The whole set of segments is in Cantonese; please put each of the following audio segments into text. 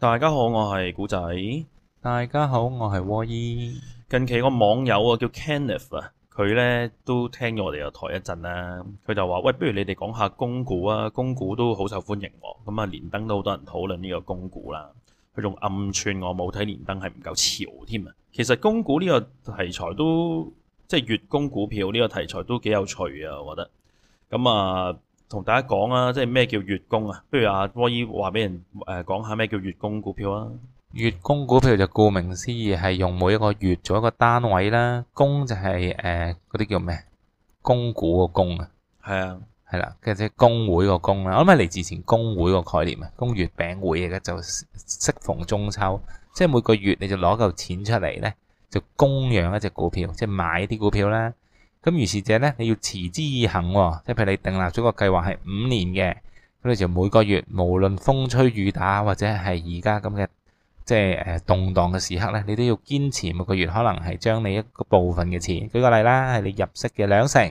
大家好，我係古仔。大家好，我係窩醫。近期個網友啊叫 Kenneth 啊，佢咧都聽咗我哋個台一陣啦，佢就話喂，不如你哋講下供股啊，供股都好受歡迎喎，咁、嗯、啊連登都好多人討論呢個供股啦。佢仲暗串我冇睇連登係唔夠潮添啊。其實供股呢個題材都即係月供股票呢個題材都幾有趣啊，我覺得。咁、嗯、啊。同大家講啊，即係咩叫月供啊？不如阿波伊話俾人誒、呃、講下咩叫月供股票啊？月供股票就顧名思義係用每一個月做一個單位啦，供就係誒嗰啲叫咩？供股個供是啊，啊，係啊，係啦，其實即係供會個供啦。我諗係嚟之前供會個概念啊，供月餅會嘅，就適逢中秋，即係每個月你就攞嚿錢出嚟咧，就供養一隻股票，即係買啲股票啦。咁如是者咧，你要持之以恆喎，即係譬如你訂立咗個計劃係五年嘅，咁你就每個月無論風吹雨打或者係而家咁嘅即係誒動盪嘅時刻咧，你都要堅持每個月可能係將你一個部分嘅錢，舉個例啦，係你入息嘅兩成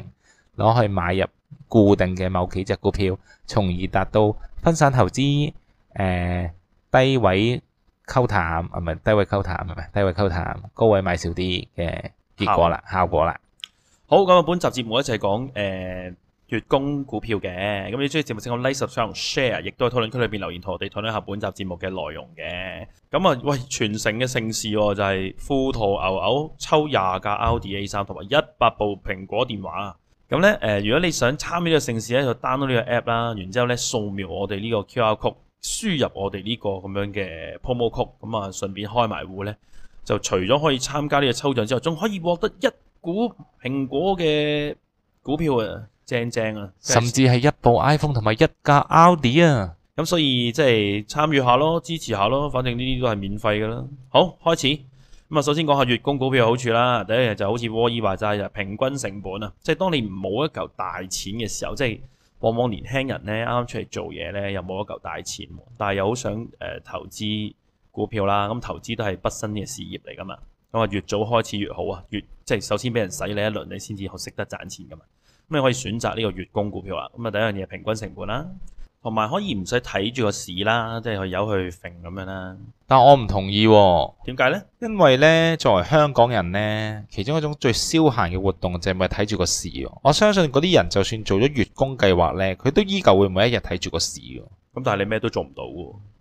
攞去買入固定嘅某幾隻股票，從而達到分散投資誒低位溝淡啊，係咪？低位溝淡，係咪？低位溝淡，高位買少啲嘅結果啦，效果啦。好咁啊！本集節目一齊講誒月供股票嘅，咁你中意節目請我 like、subscribe、share，亦都係討論區裏邊留言同我哋討論下本集節目嘅內容嘅。咁啊，喂！全城嘅盛事哦，就係富途牛牛抽廿架奧迪 A 三同埋一百部蘋果電話啊！咁咧誒，如果你想參與呢個盛事咧，就 download 呢個 app 啦，然之後咧掃描我哋呢個 QR Code，輸入我哋呢個咁樣嘅 promo Code，咁啊順便開埋戶咧，就除咗可以參加呢個抽獎之外，仲可以獲得一。股蘋果嘅股票啊，正正正啊，甚至係一部 iPhone 同埋一架 Audi 啊，咁所以即係參與下咯，支持下咯，反正呢啲都係免費㗎啦。好，開始。咁啊，首先講下月供股票嘅好處啦。第一日就好似 Warly 話齋就平均成本啊，即係當你冇一嚿大錢嘅時候，即係往往年輕人呢，啱啱出嚟做嘢呢，又冇一嚿大錢，但係又好想誒、呃、投資股票啦。咁投資都係畢生嘅事業嚟噶嘛，咁啊越早開始越好啊，越即係首先俾人洗你一輪，你先至學識得賺錢噶嘛。咁你可以選擇呢個月供股票啊。咁啊，第一樣嘢平均成本啦，同埋可以唔使睇住個市啦，即係去由去揈咁樣啦。但我唔同意喎，點解呢？因為呢，作為香港人呢，其中一種最消閒嘅活動就係咪睇住個市？我相信嗰啲人就算做咗月供計劃呢，佢都依舊會每一日睇住個市。咁但係你咩都做唔到，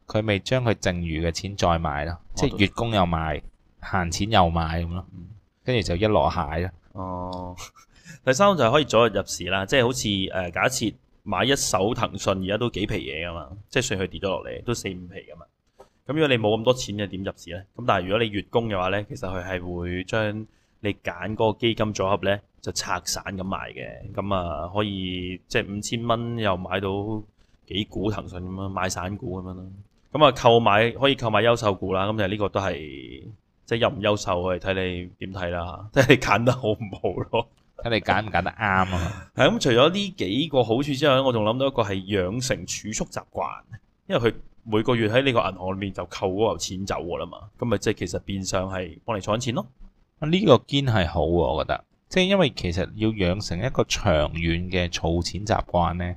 佢咪將佢剩餘嘅錢再買咯，即係月供又買，閒錢又買咁咯。嗯跟住就一落蟹啦。哦，第三就係可以早日入市啦，即係好似誒、呃、假設買一手騰訊，而家都幾皮嘢噶嘛，即係算佢跌咗落嚟都四五皮噶嘛。咁如果你冇咁多錢又點入市咧？咁但係如果你月供嘅話咧，其實佢係會將你揀嗰個基金組合咧就拆散咁賣嘅。咁啊、嗯、可以即係五千蚊又買到幾股騰訊咁樣買散股咁樣咯。咁啊，購買可以購買優秀股啦。咁就呢個都係。即係優唔優秀，係睇你點睇啦，即睇你揀得好唔好咯，睇你揀唔揀得啱啊！係咁，除咗呢幾個好處之外，我仲諗到一個係養成儲蓄習慣，因為佢每個月喺呢個銀行裏面就扣嗰嚿錢走㗎啦嘛，咁咪即係其實變相係幫你儲錢咯。呢個堅係好喎，我覺得，即係因為其實要養成一個長遠嘅儲錢習慣呢，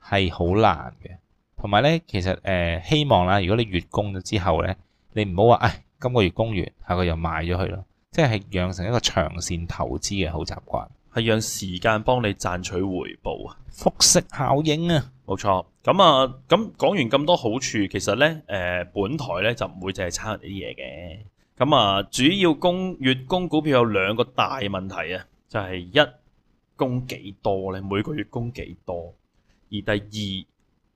係好難嘅。同埋呢，其實誒、呃、希望啦，如果你月供咗之後呢，你唔好話誒。哎今個月供完，下個又賣咗佢咯，即係養成一個長線投資嘅好習慣，係讓時間幫你賺取回報啊，複息效應啊，冇錯咁啊。咁講完咁多好處，其實呢，誒，本台呢就唔會淨係差人哋啲嘢嘅。咁啊，主要供月供股票有兩個大問題啊，就係一供幾多呢，每個月供幾多，而第二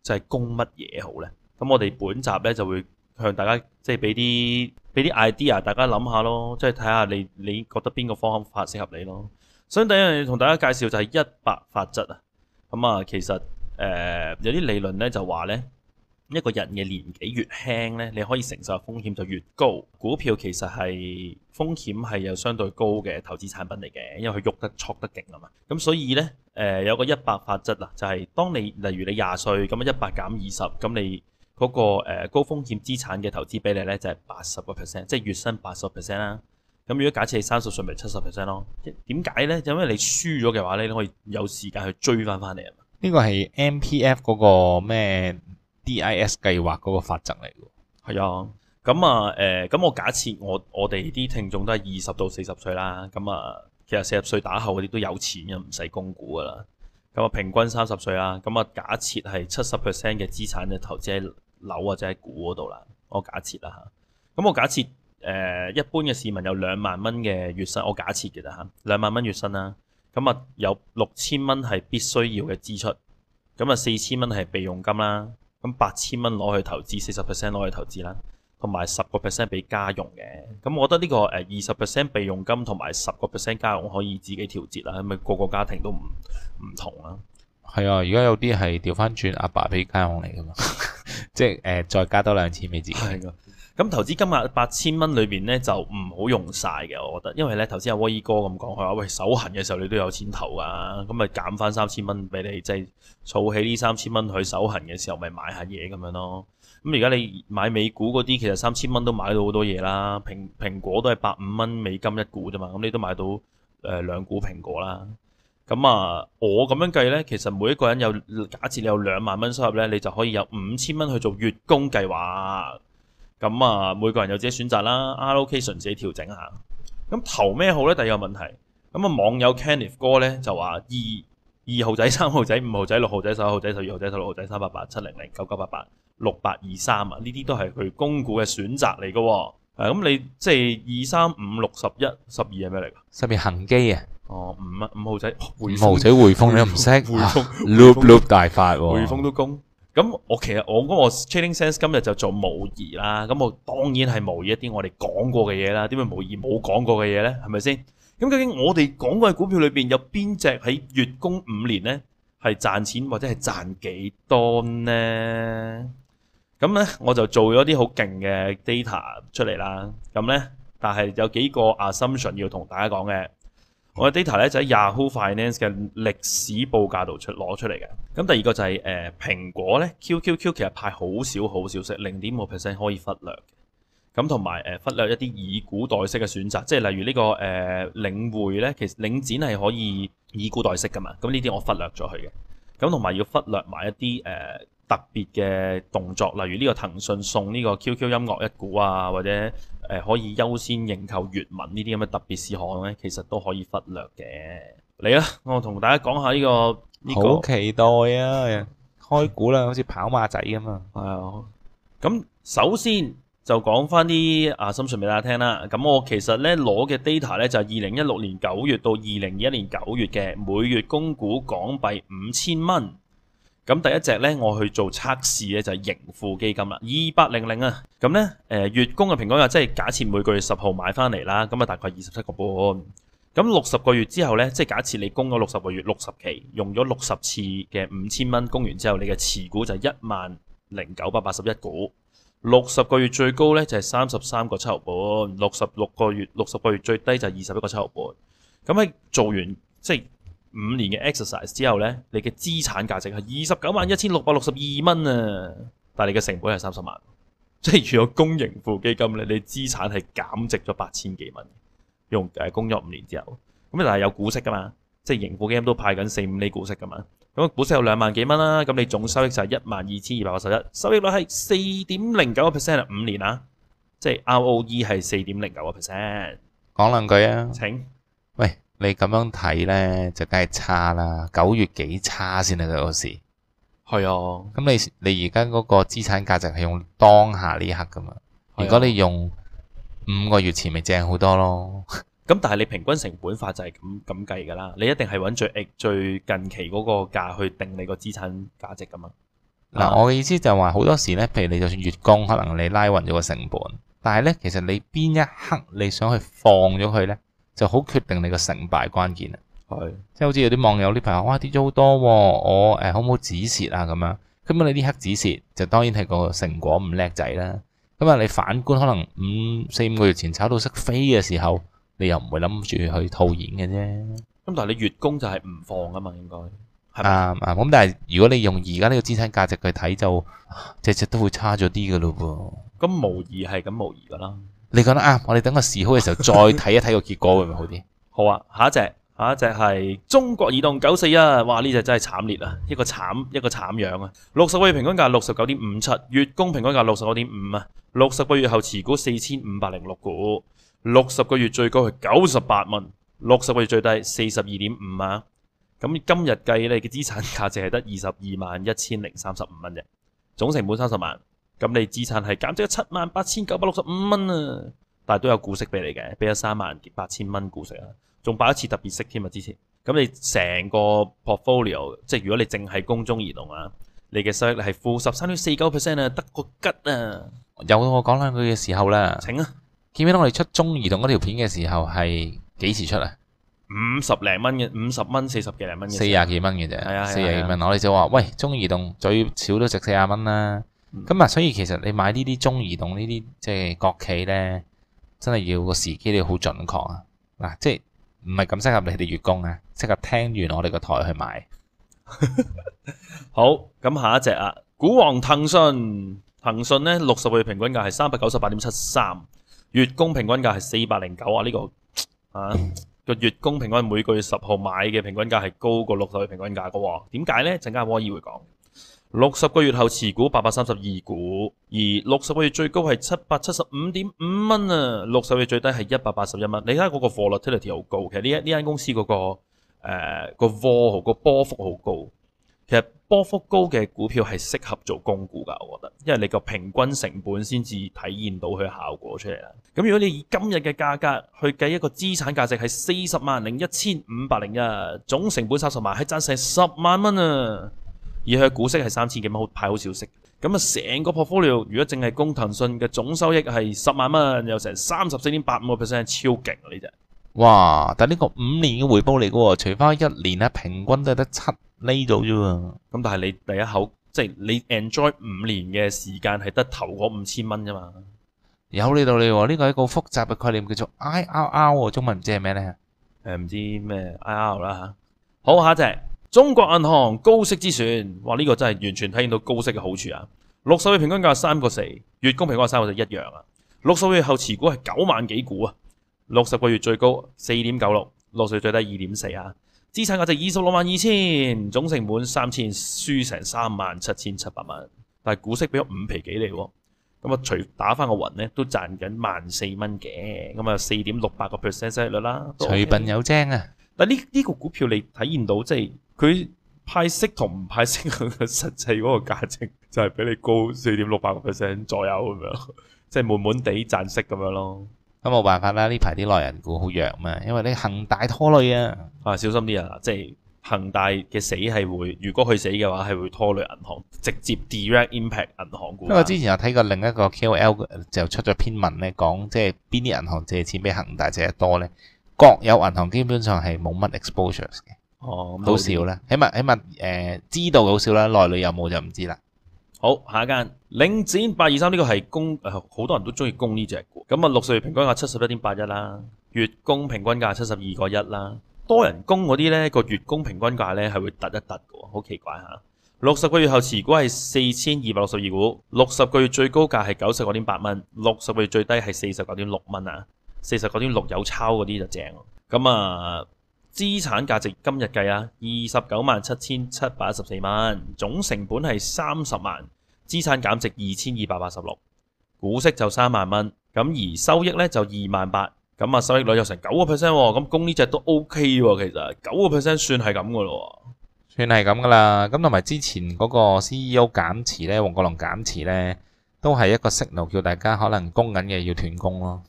就係供乜嘢好呢？咁我哋本集呢，就會向大家即係俾啲。俾啲 idea，大家諗下咯，即係睇下你你覺得邊個方向符合你咯。相以一樣要同大家介紹就係一百法則啊。咁、嗯、啊，其實誒、呃、有啲理論咧就話咧，一個人嘅年紀越輕咧，你可以承受風險就越高。股票其實係風險係有相對高嘅投資產品嚟嘅，因為佢喐得錯得勁啊嘛。咁、嗯、所以咧誒、呃、有一個一百法則啊，就係、是、當你例如你廿歲咁啊，一百減二十咁你。嗰個誒高風險資產嘅投資比例咧就係八十個 percent，即係月薪八十 percent 啦。咁如果假設係三十歲咪七十 percent 咯？點解咧？就因為你輸咗嘅話咧，你可以有時間去追翻翻嚟啊！呢個係 M P F 嗰個咩 D I S 計劃嗰個法則嚟㗎。係啊，咁啊誒，咁我假設我我哋啲聽眾都係二十到四十歲啦。咁啊，其實四十歲打後嗰啲都有錢嘅，唔使供股㗎啦。咁啊，平均三十歲啦。咁啊，假設係七十 percent 嘅資產嘅投資。樓或者喺股嗰度啦，我假設啦嚇。咁我假設誒、呃、一般嘅市民有兩萬蚊嘅月薪，我假設嘅啦嚇，兩萬蚊月薪啦。咁啊有六千蚊係必須要嘅支出，咁啊四千蚊係備用金啦。咁八千蚊攞去投資，四十 percent 攞去投資啦，同埋十個 percent 俾家用嘅。咁我覺得呢個誒二十 percent 備用金同埋十個 percent 家用可以自己調節啦，咪、那個個家庭都唔唔同啦、啊。係啊，而家有啲係調翻轉，阿爸俾家用嚟噶嘛， 即係誒、呃，再加多兩千俾自己。咁投資金額八千蚊裏邊咧就唔好用晒嘅，我覺得，因為咧頭先阿威哥咁講佢話，喂，手痕嘅時候你都有錢投啊，咁咪減翻三千蚊俾你，即係儲起呢三千蚊去手痕嘅時候，咪買下嘢咁樣咯。咁而家你買美股嗰啲，其實三千蚊都買到好多嘢啦，蘋蘋果都係八五蚊美金一股啫嘛，咁你都買到誒兩、呃、股蘋果啦。咁啊，我咁樣計呢，其實每一個人有假設你有兩萬蚊收入呢，你就可以有五千蚊去做月供計劃。咁啊，每個人有自己選擇啦，allocation 自己調整下。咁投咩好呢？第二個問題。咁啊，網友 Kenneth 哥呢就話：二二號仔、三號仔、五號仔、六號仔、十一號仔、十二號仔、十六號仔、三八八七零零九九八八六八二三啊，呢啲都係佢供股嘅選擇嚟㗎。誒、就是，咁你即係二三五六十一十二係咩嚟㗎？十二恆基啊！哦，五蚊五號仔，匯豐，匯豐你又唔識，匯豐 loop loop 大法，匯豐都供。咁我其實我咁我 Trading Sense 今日就做模擬啦。咁我當然係模擬一啲我哋講過嘅嘢啦。點解模擬冇講過嘅嘢咧？係咪先？咁究竟我哋講過嘅股票裏邊有邊隻喺月供五年咧？係賺錢或者係賺幾多呢？咁咧我就做咗啲好勁嘅 data 出嚟啦。咁咧，但係有幾個 assumption 要同大家講嘅。我嘅 data 咧就喺 Yahoo Finance 嘅歷史報價度出攞出嚟嘅。咁第二個就係、是、誒、呃、蘋果咧，QQQ 其實派好少好少息，零點五 percent 可以忽略嘅。咁同埋誒忽略一啲以股代息嘅選擇，即係例如、這個呃、呢個誒領匯咧，其實領展係可以以股代息噶嘛。咁呢啲我忽略咗佢嘅。咁同埋要忽略埋一啲誒、呃、特別嘅動作，例如呢個騰訊送呢個 QQ 音樂一股啊，或者。誒，可以優先認購粵文呢啲咁嘅特別事項咧，其實都可以忽略嘅。嚟啦，我同大家講下呢個呢個。呢個、好期待啊！開估啦，好似跑馬仔咁，哎、啊。係啊，咁首先就講翻啲啊心率俾大家聽啦。咁我其實咧攞嘅 data 咧就係二零一六年九月到二零二一年九月嘅每月供股港幣五千蚊。咁第一隻呢，我去做測試呢，就係、是、盈富基金啦，二八零零啊。咁呢，誒、呃、月供嘅平均價，即係假設每個月十號買翻嚟啦，咁啊大概二十七個半。咁六十個月之後呢，即係假設你供咗六十個月，六十期，用咗六十次嘅五千蚊供完之後，你嘅持股就一萬零九百八十一股。六十個月最高呢，就係三十三個七毫半，六十六個月，六十個月最低就係二十一個七毫半。咁喺做完即係。五年嘅 exercise 之後呢，你嘅資產價值係二十九萬一千六百六十二蚊啊，但係你嘅成本係三十萬，即係如果供盈富基金咧，你資產係減值咗八千幾蚊，用誒、呃、供咗五年之後，咁但係有股息噶嘛，即係盈富基金都派緊四五厘股息噶嘛，咁股息有兩萬幾蚊啦，咁你總收益就係一萬二千二百八十一，收益率係四點零九個 percent，五年啊，即係 ROE 係四點零九個 percent，講兩句啊，請。你咁樣睇呢，就梗係差啦。九月幾差先得嗰時，係啊。咁、那個啊、你你而家嗰個資產價值係用當下呢一刻噶嘛？啊、如果你用五個月前，咪正好多咯。咁但係你平均成本法就係咁咁計噶啦。你一定係揾最最近期嗰個價去定你個資產價值噶嘛？嗱、啊，我嘅意思就係話好多時呢，譬如你就算月供，可能你拉勻咗個成本，但係呢，其實你邊一刻你想去放咗佢呢？就好決定你個成敗關鍵啦，是即係好似有啲網友啲朋友，哇跌咗好多，我誒、嗯、好唔好止蝕啊咁樣，咁啊你啲黑止蝕就當然係個成果唔叻仔啦，咁啊你反觀可能五四五個月前炒到識飛嘅時候，你又唔會諗住去套現嘅啫，咁但係你月供就係唔放啊嘛，應該係啊啊，咁、嗯、但係如果你用而家呢個資產價值去睇就隻隻都會差咗啲噶咯噃，咁無疑係咁無疑噶啦。你講得啱，我哋等個市好嘅時候再睇一睇個結果會唔會好啲？好啊，下一隻下一隻係中國移動九四一，哇呢隻真係慘烈啊！一個慘一個慘樣啊！六十個月平均價六十九點五七，月供平均價六十九點五啊！六十個月後持股四千五百零六股，六十個月最高係九十八蚊，六十個月最低四十二點五啊！咁今日計你嘅資產價值係得二十二萬一千零三十五蚊啫，總成本三十萬。咁你資產係減咗七萬八千九百六十五蚊啊，但係都有股息俾你嘅，俾咗三萬八千蚊股息啊，仲擺一次特別息添啊！之前咁你成個 portfolio，即係如果你淨係供中移動啊，你嘅收益率係負十三點四九 percent 啊，得個吉啊！有我講兩句嘅時候啦，請啊，記唔記得我哋出中移動嗰條片嘅時候係幾時出啊？五十零蚊嘅，五十蚊四十幾零蚊嘅，四廿幾蚊嘅啫，係啊，四廿幾蚊，我哋就話喂，中移動最少都值四廿蚊啦。咁啊，嗯、所以其實你買呢啲中移動呢啲即係國企咧，真係要個時機都要好準確啊！嗱、啊，即係唔係咁適合你哋月供啊？適合聽完我哋個台去買。 好，咁下一隻啊，股王騰訊，騰訊咧六十倍平均價係三百九十八點七三，月供平均價係四百零九啊！呢、呢個啊個 月供平均每個月十號買嘅平均價係高過六十倍平均價嘅喎、啊，點解咧？陣間我依會講。六十個月後持股八百三十二股，而六十個月最高係七百七十五點五蚊啊，六十個月最低係一百八十一蚊。你睇下嗰個 volatility 好高，其實呢一呢間公司嗰、嗰個誒個 vol 個波幅好高。其實波幅高嘅股票係適合做供股噶，我覺得，因為你個平均成本先至體現到佢效果出嚟啦。咁如果你以今日嘅價格去計一個資產價值係四十萬零一千五百零一，總成本三十萬，係賺成十萬蚊啊！而佢股息係三千幾蚊，好派好少息。咁、嗯、啊，成個 portfolio 如果淨係供騰訊嘅總收益係十萬蚊，有成三十四點八五個 percent，超勁啊呢隻！哇！但係呢個五年嘅回報嚟嘅喎，除翻一年咧，平均都係得七釐度啫。咁、嗯、但係你第一口即係你 enjoy 五年嘅時間係得頭嗰五千蚊啫嘛。有呢道理喎，呢個係一個複雜嘅概念，叫做 IRR 喎。中文唔知係咩咧？誒唔、嗯、知咩 I R 啦嚇。好，下隻。中國銀行高息之選，哇！呢、這個真係完全體現到高息嘅好處啊！六十個月平均價三個四，月供平均係三個四一樣啊！六十個月後持股係九萬幾股啊！六十個月最高四點九六，六十最低二點四啊！資產價值二十六萬二千，總成本三千，輸成三萬七千七百蚊，但係股息俾咗五皮幾厘，咁啊除打翻個雲咧都賺緊萬四蚊嘅，咁啊四點六八個 percent 息率啦，除笨、OK，有精啊！但呢呢、這個股票你體現到即係。就是佢派息同唔派息，佢實際嗰個價值就係比你高四點六百個 percent 左右咁樣，即係悶悶地賺息咁樣咯。啊，咁冇辦法啦，呢排啲內人股好弱嘛，因為你恒大拖累啊。啊，小心啲啊，即係恒大嘅死係會，如果佢死嘅話係會拖累銀行，直接 direct impact 銀行股。因為之前有睇過另一個 KOL 就出咗篇文咧，講即係邊啲銀行借錢俾恒大借得多呢？國有銀行基本上係冇乜 exposure 嘅。哦，好少啦，起碼起碼誒知道好少啦，內裏有冇就唔知啦。好，下一間領展八二三呢個係供，好、呃、多人都中意供呢、這、隻、個。咁、嗯、啊，六十月平均價七十一點八一啦，月供平均價七十二個一啦。多人供嗰啲呢個月供平均價呢係會突一突嘅，好奇怪吓。六、啊、十個月後持股係四千二百六十二股，六十個月最高價係九十九點八蚊，六十個月最低係四十九點六蚊啊。四十九點六有抄嗰啲就正，咁、嗯、啊。嗯資產價值今日計啊，二十九萬七千七百一十四萬，總成本係三十萬，資產減值二千二百八十六，股息就三萬蚊，咁而收益咧就二萬八，咁啊收益率有成九個 percent 喎，咁供呢隻都 OK 喎，其實九個 percent 算係咁噶咯，算係咁噶啦，咁同埋之前嗰個 CEO 減持咧，黃國龍減持咧，都係一個 signal 叫大家可能供緊嘅要斷供咯。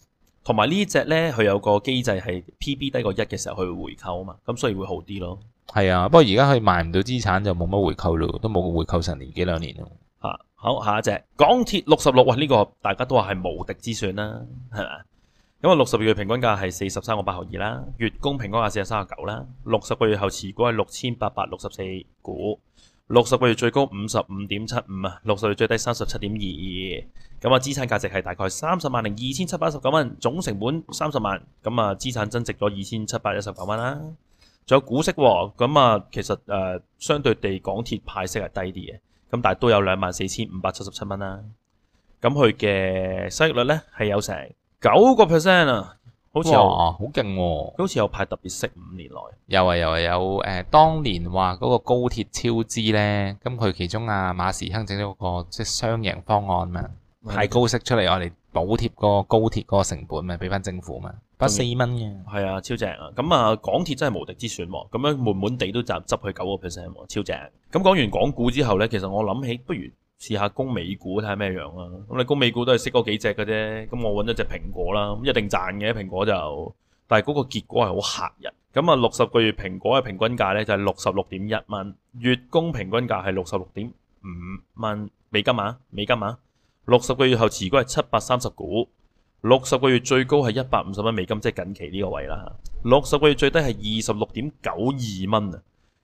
同埋呢隻呢，佢有個機制係 PB 低過一嘅時候去回購啊嘛，咁所以會好啲咯。係啊，不過而家佢賣唔到資產就冇乜回購咯，都冇個回購成年幾兩年咯。嚇、啊，好下一隻港鐵六十六，哇！呢個大家都話係無敵之選啦，係咪？咁啊，六十月平均價係四十三個八毫二啦，月供平均價四十三個九啦，六十個月後持股係六千八百六十四股。六十個月最高五十五點七五啊，六十個月最低三十七點二二，咁啊資產價值係大概三十萬零二千七百一十九蚊，總成本三十萬，咁啊資產增值咗二千七百一十九蚊啦，仲有股息，咁啊其實誒、呃、相對地港鐵派息係低啲嘅，咁但係都有兩萬四千五百七十七蚊啦，咁佢嘅收益率咧係有成九個 percent 啊。好似啊，好勁，好似有派特別息五年嚟，又係又係有誒，當年話嗰個高鐵超支咧，咁佢其中啊馬時亨整咗個即係雙贏方案嘛，派高息出嚟我哋補貼個高鐵嗰個成本嘛，俾翻政府嘛，八四蚊嘅，係啊超正啊，咁啊港鐵真係無敵之選喎、啊，咁樣滿滿地都賺，執去九個 percent，超正、啊，咁講完港股之後咧，其實我諗起不如。試下供美股睇下咩樣啊。咁你供美股都係識嗰幾隻嘅啫。咁我搵咗隻蘋果啦，咁一定賺嘅蘋果就，但係嗰個結果係好吓人。咁啊，六十個月蘋果嘅平均價咧就係六十六點一蚊，月供平均價係六十六點五蚊美金啊，美金啊。六十個月後持股係七百三十股，六十個月最高係一百五十蚊美金，即係近期呢個位啦。六十個月最低係二十六點九二蚊啊。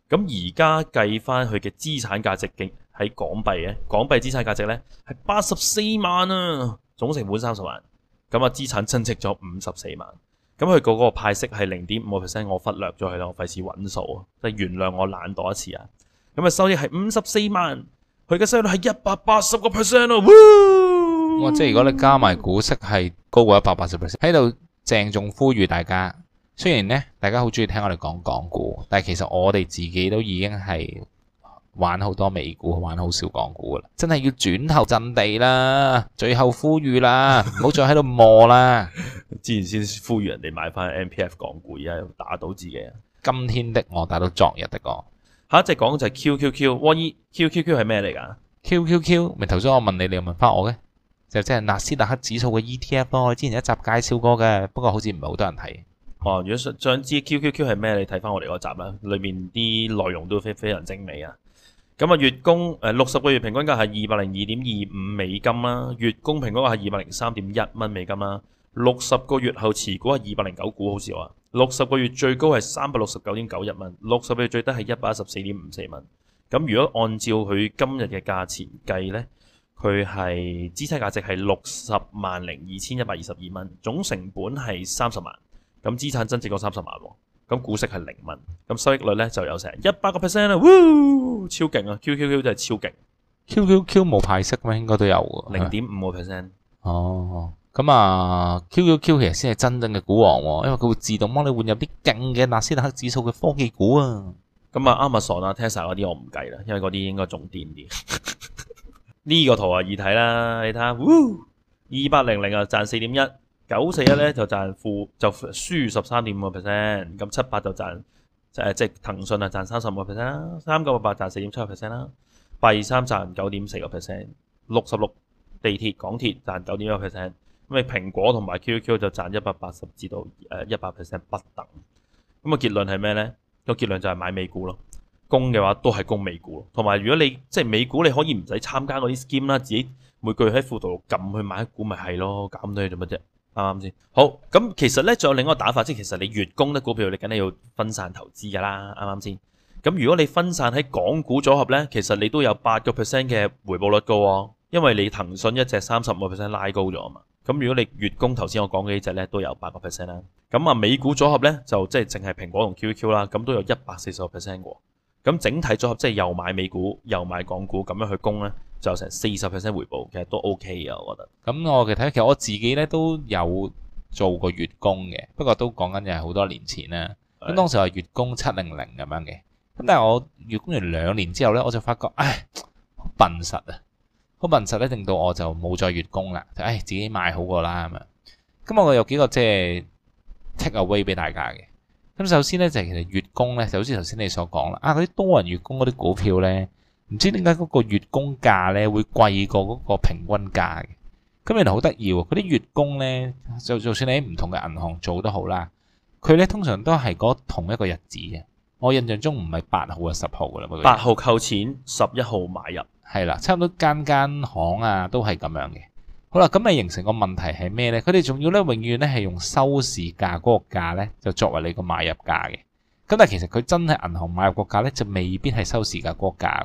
咁而家計翻佢嘅資產價值經。喺港幣啊，港幣資產價值咧係八十四萬啊，總成本三十萬，咁啊資產增值咗五十四萬，咁佢個嗰個派息係零點五個 percent，我忽略咗佢咯，費事揾數，但原諒我懶惰一次啊，咁啊收益係五十四萬，佢嘅收益率係一百八十個 percent 啊。哇、哦！即係如果你加埋股息係高過一百八十 percent，喺度鄭重呼籲大家，雖然咧大家好中意聽我哋講港股，但係其實我哋自己都已經係，玩好多美股，玩好少港股啦，真係要轉頭陣地啦！最後呼籲啦，唔好 再喺度磨啦。之前先呼籲人哋買翻 MPF 港股，而家又打到自己。今天的我打到昨日的我。下隻講就係 QQQ，我依 QQQ 係咩嚟噶？QQQ 咪頭先我問你，你又問翻我嘅，就即係納斯達克指數嘅 ETF，我之前一集介紹過嘅，不過好似唔係好多人睇。哦，如果想想知 QQQ 係咩，你睇翻我哋嗰集啦，裏面啲內容都非非常精美啊！咁啊月供，誒六十個月平均價係二百零二點二五美金啦，月供平均價係二百零三點一蚊美金啦。六十個月後持股係二百零九股，好少啊。六十個月最高係三百六十九點九一蚊，六十個月最低係一百一十四點五四蚊。咁如果按照佢今日嘅價錢計呢，佢係資產價值係六十萬零二千一百二十二蚊，總成本係三十萬，咁資產增值過三十萬喎。咁股息係零蚊，咁收益率咧就有成一百個 percent 啊，嗚，超勁啊！Q Q Q 真係超勁、啊，Q Q Q 冇派息咩？應該都有，零點五個 percent 哦。咁啊，Q Q Q 其實先係真正嘅股王啊，因為佢會自動幫你換入啲勁嘅納斯達克指數嘅科技股啊。咁啊，Amazon 啊 Tesla 嗰啲我唔計啦，因為嗰啲應該仲癲啲。呢 個圖啊易睇啦，你睇下，嗚，二八零零啊賺四點一。九四一咧就賺負，就輸十三點五個 percent，咁七八就賺誒、就是，即係騰訊啊賺三十五個 percent，三九八八賺四點七個 percent 啦，八二三賺九點四個 percent，六十六地鐵港鐵賺九點一個 percent，咁啊蘋果同埋 QQ 就賺一百八十至到誒一百 percent 不等，咁啊結論係咩咧？個結論、那個、就係買美股咯，供嘅話都係供美股，同埋如果你即係美股你可以唔使參加嗰啲 scheme 啦，自己每個月喺富途度撳去買一股咪係咯，搞咁多嘢做乜啫？啱啱先？好，咁其實咧，仲有另一個打法，即係其實你月供啲股票，你梗係要分散投資噶啦，啱啱先？咁如果你分散喺港股組合咧，其實你都有八個 percent 嘅回報率高喎，因為你騰訊一隻三十五個 percent 拉高咗啊嘛。咁如果你月供頭先我講嘅呢隻咧，都有八個 percent 啦。咁啊，美股組合咧就即係淨係蘋果同 QQ 啦，咁都有一百四十個 percent 喎。咁整體組合即係又買美股又買港股咁樣去供咧。就成四十 percent 回報，其實都 OK 嘅，我覺得。咁我其實睇，其實我自己咧都有做過月供嘅，不過都講緊就係好多年前啦。咁的當時係月供七零零咁樣嘅，咁但係我月供完兩年之後咧，我就發覺，唉，笨實啊！好笨實咧，令到我就冇再月供啦。就、哎、唉，自己買好過啦咁啊。咁我有幾個即係 take away 俾大家嘅。咁首先咧就係其實月供咧，就好似頭先你所講啦。啊，嗰啲多人月供嗰啲股票咧。唔知點解嗰個月供價咧會貴過嗰個平均價嘅，咁原來好得意喎。嗰啲月供咧，就就算你喺唔同嘅銀行做都好啦，佢咧通常都係嗰同一個日子嘅。我印象中唔係八號啊十號噶啦，八號扣錢，十一號買入，係啦，差唔多間間行啊都係咁樣嘅。好啦，咁咪形成個問題係咩咧？佢哋仲要咧永遠咧係用收市價嗰個價咧就作為你個買入價嘅。咁但係其實佢真係銀行買入個價咧就未必係收市價嗰個價。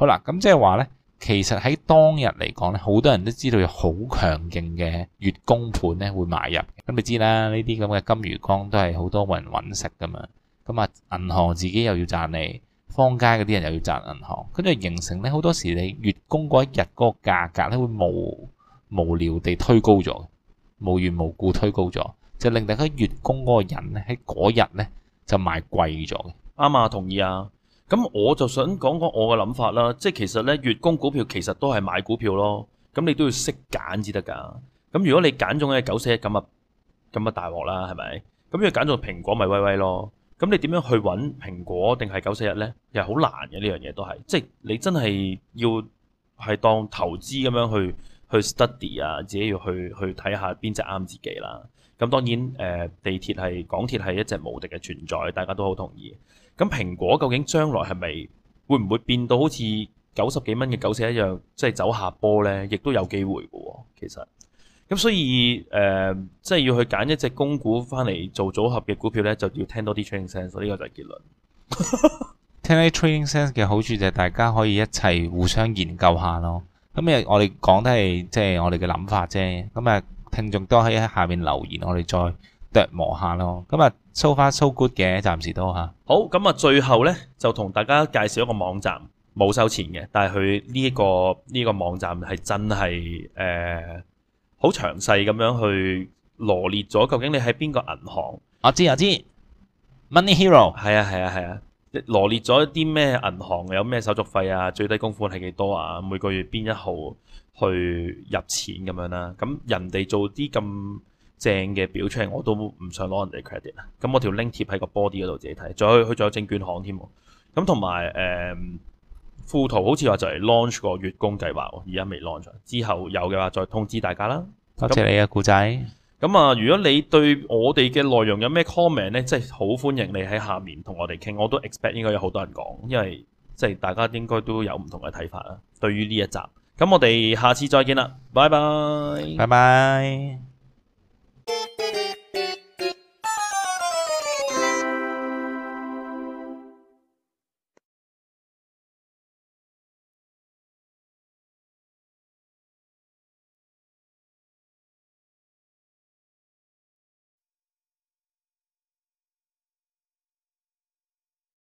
好啦，咁即係話呢，其實喺當日嚟講咧，好多人都知道有好強勁嘅月供盤咧會買入，咁你知啦，呢啲咁嘅金魚缸都係好多人揾食噶嘛，咁啊銀行自己又要賺，你坊街嗰啲人又要賺銀行，跟住形成咧好多時你月供嗰一日嗰個價格咧會無無聊地推高咗，無緣無故推高咗，就令大家月供嗰個人喺嗰日呢就賣貴咗嘅，啱啊，同意啊。咁我就想講講我嘅諗法啦，即係其實咧月供股票其實都係買股票咯，咁你都要識揀至得㗎。咁如果你揀中嘅九四一咁啊咁啊大鑊啦，係咪？咁如果揀中蘋果咪威威咯。咁你點樣去揾蘋果定係九四一咧？又係好難嘅呢樣嘢都係，即係你真係要係當投資咁樣去去 study 啊，自己要去去睇下邊隻啱自己啦。咁當然誒、呃，地鐵係港鐵係一隻無敵嘅存在，大家都好同意。咁蘋果究竟將來係咪會唔會變到好似九十幾蚊嘅九四一樣，即、就、係、是、走下坡呢？亦都有機會嘅喎，其實、哦。咁所以誒、呃，即係要去揀一隻公股翻嚟做組合嘅股票呢，就要聽多啲 Trading Sense。呢個就係結論。 聽啲 Trading Sense 嘅好處就係大家可以一齊互相研究下咯。咁誒，就是、我哋講都係即係我哋嘅諗法啫。咁啊，聽眾都可以喺下面留言，我哋再琢磨下咯。咁啊。So far so good 嘅，暫時都嚇。好咁啊，最後呢，就同大家介紹一個網站，冇收錢嘅，但係佢呢一個呢、呢個網站係真係誒好詳細咁樣去羅列咗，究竟你喺邊個銀行？我知我知，Money Hero 係啊係啊係啊，啊，羅列咗一啲咩銀行有咩手續費啊，最低供款係幾多啊？每個月邊一號去入錢咁樣啦。咁人哋做啲咁。正嘅表出嚟，我都唔想攞人哋 credit。咁我條 link 貼喺個 body 嗰度自己睇。再去咗仲有證券行添，咁同埋誒富途好似話就嚟 launch 個月供計劃，而家未 launch。之後有嘅話再通知大家啦。多謝你啊，古仔。咁啊，如果你對我哋嘅內容有咩 comment 呢？即係好歡迎你喺下面同我哋傾。我都 expect 應該有好多人講，因為即係大家應該都有唔同嘅睇法啦。對於呢一集，咁我哋下次再見啦，拜拜，拜拜。